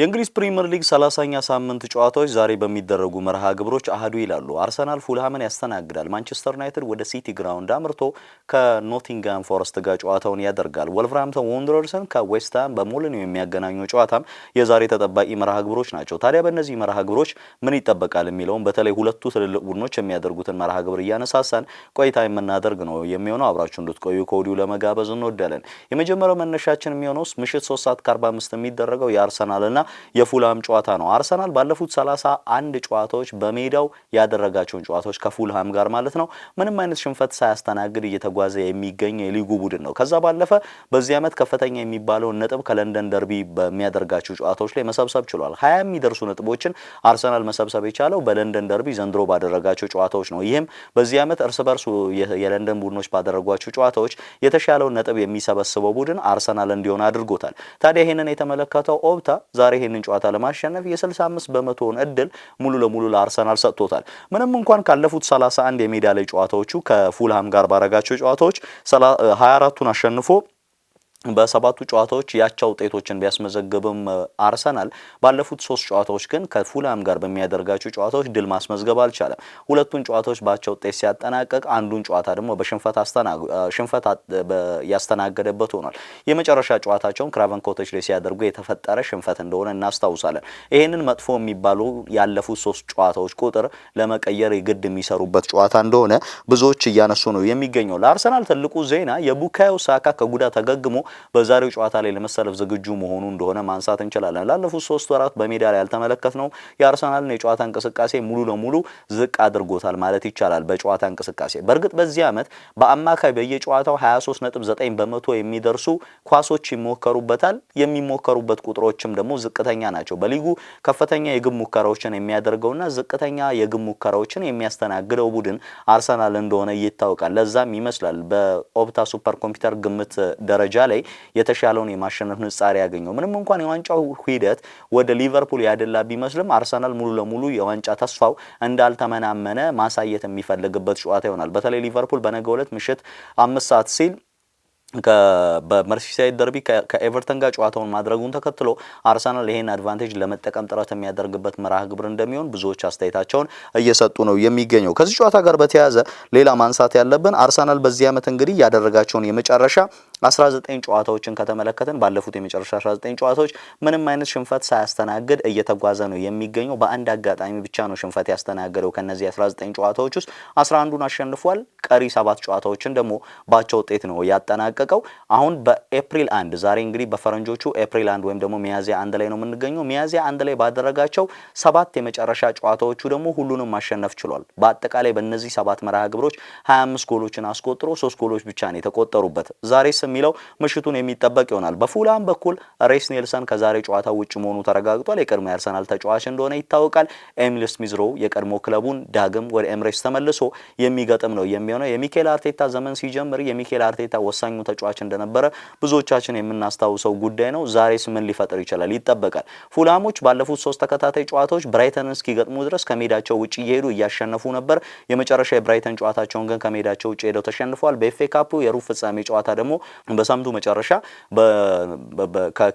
የእንግሊዝ ፕሪምየር ሊግ 30ኛ ሳምንት ጨዋታዎች ዛሬ በሚደረጉ መርሃ ግብሮች አህዱ ይላሉ። አርሰናል ፉልሃምን ያስተናግዳል። ማንቸስተር ዩናይትድ ወደ ሲቲ ግራውንድ አምርቶ ከኖቲንጋም ፎረስት ጋር ጨዋታውን ያደርጋል። ወልቨርሃምተን ዋንደረርስን ከዌስትሃም በሞልኒው የሚያገናኙ ጨዋታም የዛሬ ተጠባቂ መርሃ ግብሮች ናቸው። ታዲያ በእነዚህ መርሃ ግብሮች ምን ይጠበቃል የሚለውን በተለይ ሁለቱ ትልልቅ ቡድኖች የሚያደርጉትን መርሃ ግብር እያነሳሳን ቆይታ የምናደርግ ነው የሚሆነው። አብራችሁ እንድትቆዩ ከወዲሁ ለመጋበዝ እንወዳለን። የመጀመሪያው መነሻችን የሚሆነው ምሽት 3 ሰዓት ከ45 የሚደረገው የአርሰናልና የፉልሃም ጨዋታ ነው። አርሰናል ባለፉት ሰላሳ አንድ ጨዋታዎች በሜዳው ያደረጋቸውን ጨዋታዎች ከፉልሃም ጋር ማለት ነው ምንም አይነት ሽንፈት ሳያስተናግድ እየተጓዘ የሚገኝ የሊጉ ቡድን ነው። ከዛ ባለፈ በዚህ ዓመት ከፍተኛ የሚባለውን ነጥብ ከለንደን ደርቢ በሚያደርጋቸው ጨዋታዎች ላይ መሰብሰብ ችሏል። ሀያ የሚደርሱ ነጥቦችን አርሰናል መሰብሰብ የቻለው በለንደን ደርቢ ዘንድሮ ባደረጋቸው ጨዋታዎች ነው። ይህም በዚህ ዓመት እርስ በርሱ የለንደን ቡድኖች ባደረጓቸው ጨዋታዎች የተሻለውን ነጥብ የሚሰበስበው ቡድን አርሰናል እንዲሆን አድርጎታል። ታዲያ ይህንን የተመለከተው ኦፕታ ዛሬ ይህንን ጨዋታ ለማሸነፍ የ65 በመቶውን እድል ሙሉ ለሙሉ ለአርሰናል ሰጥቶታል። ምንም እንኳን ካለፉት 31 የሜዳ ላይ ጨዋታዎቹ ከፉልሃም ጋር ባረጋቸው ጨዋታዎች 24ቱን አሸንፎ በሰባቱ ጨዋታዎች ያቻ ውጤቶችን ቢያስመዘግብም አርሰናል ባለፉት ሶስት ጨዋታዎች ግን ከፉላም ጋር በሚያደርጋቸው ጨዋታዎች ድል ማስመዝገብ አልቻለም። ሁለቱን ጨዋታዎች ባቻ ውጤት ሲያጠናቀቅ፣ አንዱን ጨዋታ ደግሞ በሽንፈት ያስተናገደበት ሆኗል። የመጨረሻ ጨዋታቸውን ክራቨን ኮቴጅ ላይ ሲያደርጉ የተፈጠረ ሽንፈት እንደሆነ እናስታውሳለን። ይህንን መጥፎ የሚባሉ ያለፉት ሶስት ጨዋታዎች ቁጥር ለመቀየር የግድ የሚሰሩበት ጨዋታ እንደሆነ ብዙዎች እያነሱ ነው የሚገኘው። ለአርሰናል ትልቁ ዜና የቡካዮ ሳካ ከጉዳት ተገግሞ በዛሬው ጨዋታ ላይ ለመሰለፍ ዝግጁ መሆኑ እንደሆነ ማንሳት እንችላለን። ላለፉት ሶስት ወራት በሜዳ ላይ ያልተመለከትነው የአርሰናልን የጨዋታ እንቅስቃሴ ሙሉ ለሙሉ ዝቅ አድርጎታል ማለት ይቻላል። በጨዋታ እንቅስቃሴ በእርግጥ በዚህ ዓመት በአማካይ በየጨዋታው 23.9 በመቶ የሚደርሱ ኳሶች ይሞከሩበታል። የሚሞከሩበት ቁጥሮችም ደግሞ ዝቅተኛ ናቸው። በሊጉ ከፍተኛ የግብ ሙከራዎችን የሚያደርገውና ዝቅተኛ የግብ ሙከራዎችን የሚያስተናግደው ቡድን አርሰናል እንደሆነ ይታወቃል። ለዛም ይመስላል በኦፕታ ሱፐር ኮምፒውተር ግምት ደረጃ ላይ ላይ የተሻለውን የማሸነፍ ንጻሪ ያገኘው። ምንም እንኳን የዋንጫው ሂደት ወደ ሊቨርፑል ያደላ ቢመስልም አርሰናል ሙሉ ለሙሉ የዋንጫ ተስፋው እንዳልተመናመነ ማሳየት የሚፈልግበት ጨዋታ ይሆናል። በተለይ ሊቨርፑል በነገ ዕለት ምሽት አምስት ሰዓት ሲል በመርሲሳይድ ደርቢ ከኤቨርተን ጋር ጨዋታውን ማድረጉን ተከትሎ አርሰናል ይሄን አድቫንቴጅ ለመጠቀም ጥረት የሚያደርግበት መርሃ ግብር እንደሚሆን ብዙዎች አስተያየታቸውን እየሰጡ ነው የሚገኘው። ከዚህ ጨዋታ ጋር በተያያዘ ሌላ ማንሳት ያለብን አርሰናል በዚህ ዓመት እንግዲህ ያደረጋቸውን የመጨረሻ 19 ጨዋታዎችን ከተመለከትን ባለፉት የመጨረሻ 19 ጨዋታዎች ምንም አይነት ሽንፈት ሳያስተናግድ እየተጓዘ ነው የሚገኘው። በአንድ አጋጣሚ ብቻ ነው ሽንፈት ያስተናገደው። ከነዚህ 19 ጨዋታዎች ውስጥ 11ዱን አሸንፏል። ቀሪ ሰባት ጨዋታዎችን ደግሞ ባቸው ውጤት ነው ያጠናቀቀው። አሁን በኤፕሪል አንድ ዛሬ እንግዲህ በፈረንጆቹ ኤፕሪል አንድ ወይም ደግሞ ሚያዚያ አንድ ላይ ነው የምንገኘው። ሚያዚያ አንድ ላይ ባደረጋቸው ሰባት የመጨረሻ ጨዋታዎቹ ደግሞ ሁሉንም ማሸነፍ ችሏል። በአጠቃላይ በእነዚህ ሰባት መርሃ ግብሮች 25 ጎሎችን አስቆጥሮ ሶስት ጎሎች ብቻ ነው የተቆጠሩበት። ዛሬስ የሚለው ምሽቱን የሚጠበቅ ይሆናል። በፉላም በኩል ሬስ ኔልሰን ከዛሬ ጨዋታ ውጭ መሆኑ ተረጋግጧል። የቀድሞ የአርሰናል ተጫዋች እንደሆነ ይታወቃል። ኤሚል ስሚዝሮ የቀድሞ ክለቡን ዳግም ወደ ኤምሬስ ተመልሶ የሚገጥም ነው የሚሆ የሚሆነው። የሚካኤል አርቴታ ዘመን ሲጀምር የሚካኤል አርቴታ ወሳኙ ተጫዋች እንደነበረ ብዙዎቻችን የምናስታውሰው ጉዳይ ነው። ዛሬስ ምን ሊፈጥር ይችላል ይጠበቃል። ፉላሞች ባለፉት ሶስት ተከታታይ ጨዋታዎች ብራይተን እስኪገጥሙ ድረስ ከሜዳቸው ውጭ እየሄዱ እያሸነፉ ነበር። የመጨረሻ የብራይተን ጨዋታቸውን ግን ከሜዳቸው ውጭ ሄደው ተሸንፈዋል። በኤፌ ካፕ የሩብ ፍጻሜ ጨዋታ ደግሞ በሳምንቱ መጨረሻ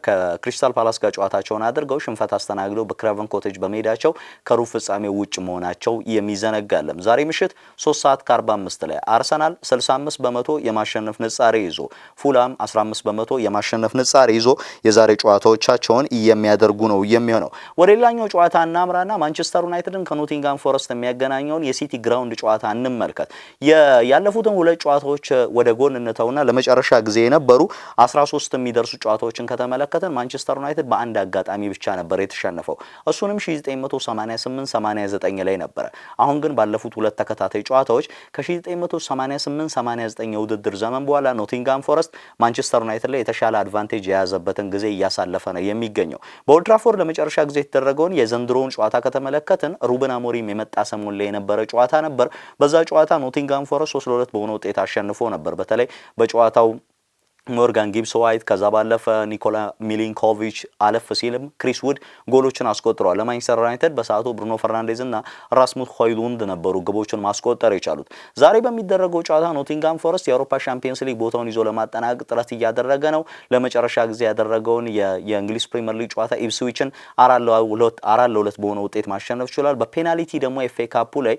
ከክሪስታል ፓላስ ጋር ጨዋታቸውን አድርገው ሽንፈት አስተናግደው በክራቨን ኮቴጅ በሜዳቸው ከሩብ ፍጻሜ ውጭ መሆናቸው የሚዘነጋለም። ዛሬ ምሽት 3 ሰዓት ከ45 ላይ አለ። አርሰናል 65 በመቶ የማሸነፍ ንጻሬ ይዞ ፉላም 15 በመቶ የማሸነፍ ንጻሬ ይዞ የዛሬ ጨዋታዎቻቸውን የሚያደርጉ ነው የሚሆነው። ወደ ሌላኛው ጨዋታ እናምራና ማንቸስተር ዩናይትድን ከኖቲንጋም ፎረስት የሚያገናኘውን የሲቲ ግራውንድ ጨዋታ እንመልከት። ያለፉትን ሁለት ጨዋታዎች ወደ ጎን እንተውና ለመጨረሻ ጊዜ የነበሩ 13 የሚደርሱ ጨዋታዎችን ከተመለከተን ማንቸስተር ዩናይትድ በአንድ አጋጣሚ ብቻ ነበር የተሸነፈው። እሱንም 1988 89 ላይ ነበረ። አሁን ግን ባለፉት ሁለት ተከታታይ ጨዋታዎች ከ9 1988 89 የውድድር ዘመን በኋላ ኖቲንጋም ፎረስት ማንቸስተር ዩናይትድ ላይ የተሻለ አድቫንቴጅ የያዘበትን ጊዜ እያሳለፈ ነው የሚገኘው። በኦልድ ለመጨረሻ ጊዜ የተደረገውን የዘንድሮውን ጨዋታ ከተመለከትን ሩበን አሞሪም የመጣ ሰሞን ላይ የነበረ ጨዋታ ነበር። በዛ ጨዋታ ኖቲንጋም ፎረስት ሶስት ለሁለት በሆነ ውጤት አሸንፎ ነበር። በተለይ በጨዋታው ሞርጋን ጊብስ ዋይት ከዛ ባለፈ ኒኮላ ሚሊንኮቪች አለፍ ሲልም ክሪስ ውድ ጎሎችን አስቆጥሯል ለማንቸስተር ዩናይትድ በሰዓቱ ብሩኖ ፈርናንዴዝ እና ራስሙስ ሆይሉንድ ነበሩ ግቦችን ማስቆጠር የቻሉት። ዛሬ በሚደረገው ጨዋታ ኖቲንጋም ፎረስት የአውሮፓ ሻምፒየንስ ሊግ ቦታውን ይዞ ለማጠናቀቅ ጥረት እያደረገ ነው። ለመጨረሻ ጊዜ ያደረገውን የእንግሊዝ ፕሪምየር ሊግ ጨዋታ ኢፕስዊችን አራት ለሁለት በሆነ ውጤት ማሸነፍ ችሏል። በፔናልቲ ደግሞ ኤፍ ኤ ካፑ ላይ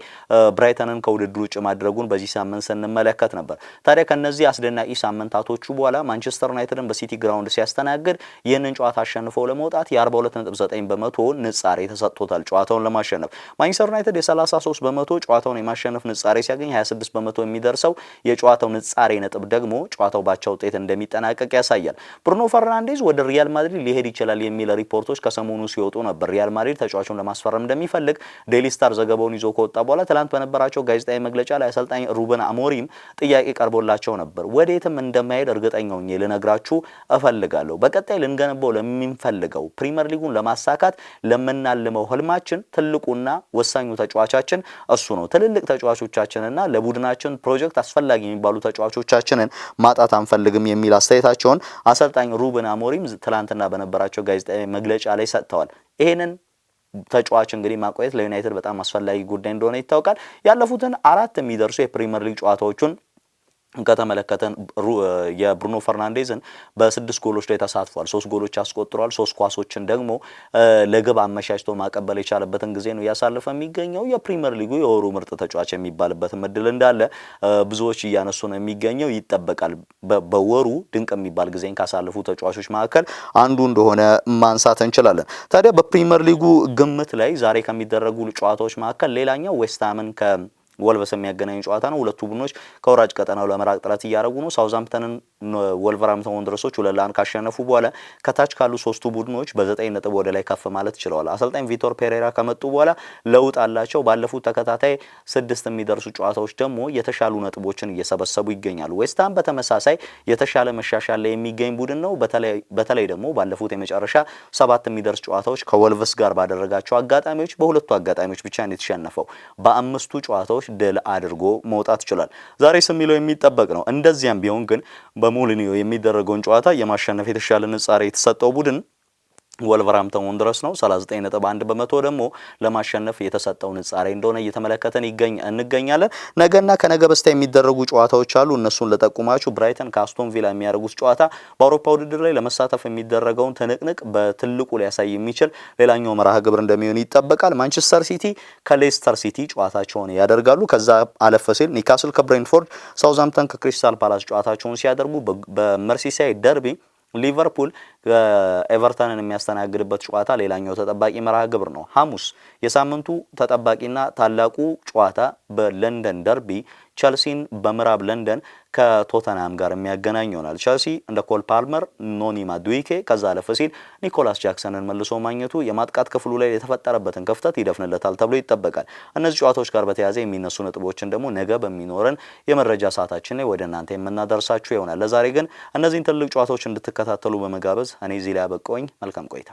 ብራይተንን ከውድድር ውጭ ማድረጉን በዚህ ሳምንት ስንመለከት ነበር። ታዲያ ከነዚህ አስደናቂ ሳምንታቶቹ በኋላ ማንቸስተር ዩናይትድን በሲቲ ግራውንድ ሲያስተናግድ ይህንን ጨዋታ አሸንፎ ለመውጣት የ42.9 በመቶ ንጻሬ ተሰጥቶታል። ጨዋታውን ለማሸነፍ ማንቸስተር ዩናይትድ የ33 በመቶ ጨዋታውን የማሸነፍ ንጻሬ ሲያገኝ 26 በመቶ የሚደርሰው የጨዋታው ንጻሬ ነጥብ ደግሞ ጨዋታው ባቻ ውጤት እንደሚጠናቀቅ ያሳያል። ብሩኖ ፈርናንዴዝ ወደ ሪያል ማድሪድ ሊሄድ ይችላል የሚል ሪፖርቶች ከሰሞኑ ሲወጡ ነበር። ሪያል ማድሪድ ተጫዋቹን ለማስፈረም እንደሚፈልግ ዴሊ ስታር ዘገባውን ይዞ ከወጣ በኋላ ትላንት በነበራቸው ጋዜጣዊ መግለጫ ላይ አሰልጣኝ ሩበን አሞሪም ጥያቄ ቀርቦላቸው ነበር። ወዴትም እንደማይሄድ እርግጠ እርግጠኛ ሆኜ ልነግራችሁ እፈልጋለሁ። በቀጣይ ልንገነባው ለሚንፈልገው ፕሪምየር ሊጉን ለማሳካት ለምናልመው ህልማችን ትልቁና ወሳኙ ተጫዋቻችን እሱ ነው። ትልልቅ ተጫዋቾቻችንና ለቡድናችን ፕሮጀክት አስፈላጊ የሚባሉ ተጫዋቾቻችንን ማጣት አንፈልግም የሚል አስተያየታቸውን አሰልጣኝ ሩብን አሞሪም ትላንትና በነበራቸው ጋዜጣዊ መግለጫ ላይ ሰጥተዋል። ይሄንን ተጫዋች እንግዲህ ማቆየት ለዩናይትድ በጣም አስፈላጊ ጉዳይ እንደሆነ ይታወቃል። ያለፉትን አራት የሚደርሱ የፕሪምየር ሊግ ጨዋታዎቹን ከተመለከተን የብሩኖ ፈርናንዴዝን በስድስት ጎሎች ላይ ተሳትፏል። ሶስት ጎሎች አስቆጥሯል። ሶስት ኳሶችን ደግሞ ለግብ አመቻችቶ ማቀበል የቻለበትን ጊዜ ነው እያሳለፈ የሚገኘው። የፕሪምየር ሊጉ የወሩ ምርጥ ተጫዋች የሚባልበት እድል እንዳለ ብዙዎች እያነሱ ነው የሚገኘው። ይጠበቃል። በወሩ ድንቅ የሚባል ጊዜን ካሳለፉ ተጫዋቾች መካከል አንዱ እንደሆነ ማንሳት እንችላለን። ታዲያ በፕሪምየር ሊጉ ግምት ላይ ዛሬ ከሚደረጉ ጨዋታዎች መካከል ሌላኛው ዌስትሃምን ከ ጎል የሚያገናኝ ጨዋታ ነው። ሁለቱ ቡድኖች ከወራጅ ቀጠናው ለመራቅ ጥረት እያደረጉ ነው። ሳውዛምፕተንን ወልቨርሃምተን ወንድረሶች ሁለት ለአንድ ካሸነፉ በኋላ ከታች ካሉ ሶስቱ ቡድኖች በዘጠኝ ነጥብ ወደ ላይ ከፍ ማለት ችለዋል። አሰልጣኝ ቪቶር ፔሬራ ከመጡ በኋላ ለውጥ አላቸው። ባለፉት ተከታታይ ስድስት የሚደርሱ ጨዋታዎች ደግሞ የተሻሉ ነጥቦችን እየሰበሰቡ ይገኛሉ። ዌስትሃም በተመሳሳይ የተሻለ መሻሻል ላይ የሚገኝ ቡድን ነው። በተለይ ደግሞ ባለፉት የመጨረሻ ሰባት የሚደርስ ጨዋታዎች ከወልቭስ ጋር ባደረጋቸው አጋጣሚዎች በሁለቱ አጋጣሚዎች ብቻ ነው የተሸነፈው። በአምስቱ ጨዋታዎች ድል አድርጎ መውጣት ችሏል። ዛሬ ስሚለው የሚጠበቅ ነው። እንደዚያም ቢሆን ግን በሙሊኒዮ የሚደረገውን ጨዋታ የማሸነፍ የተሻለ ንጻሬ የተሰጠው ቡድን ወልቨራምተን ድረስ ነው። 39.1 በመቶ ደግሞ ለማሸነፍ የተሰጠው ንጻሬ እንደሆነ እየተመለከተን እንገኛለን። ነገና ከነገ በስቲያ የሚደረጉ ጨዋታዎች አሉ። እነሱን ለጠቁማችሁ ብራይተን ከአስቶን ቪላ የሚያደርጉት ጨዋታ በአውሮፓ ውድድር ላይ ለመሳተፍ የሚደረገውን ትንቅንቅ በትልቁ ሊያሳይ የሚችል ሌላኛው መርሃ ግብር እንደሚሆን ይጠበቃል። ማንቸስተር ሲቲ ከሌስተር ሲቲ ጨዋታቸውን ያደርጋሉ። ከዛ አለፈ ሲል ኒካስል ከብሬንፎርድ፣ ሳውዝሃምፕተን ከክሪስታል ፓላስ ጨዋታቸውን ሲያደርጉ በመርሲሳይ ደርቢ ሊቨርፑል ኤቨርተንን የሚያስተናግድበት ጨዋታ ሌላኛው ተጠባቂ መርሃ ግብር ነው። ሐሙስ የሳምንቱ ተጠባቂና ታላቁ ጨዋታ በለንደን ደርቢ ቸልሲን በምዕራብ ለንደን ከቶተናም ጋር የሚያገናኝ ይሆናል። ቸልሲ እንደ ኮል ፓልመር፣ ኖኒ ማዱዊኬ ከዛ አለፍ ሲል ኒኮላስ ጃክሰንን መልሶ ማግኘቱ የማጥቃት ክፍሉ ላይ የተፈጠረበትን ክፍተት ይደፍንለታል ተብሎ ይጠበቃል። እነዚህ ጨዋታዎች ጋር በተያያዘ የሚነሱ ነጥቦችን ደግሞ ነገ በሚኖረን የመረጃ ሰዓታችን ላይ ወደ እናንተ የምናደርሳችሁ ይሆናል። ለዛሬ ግን እነዚህን ትልቅ ጨዋታዎች እንድትከታተሉ በመጋበዝ እኔ እዚህ ላይ ያበቃውኝ። መልካም ቆይታ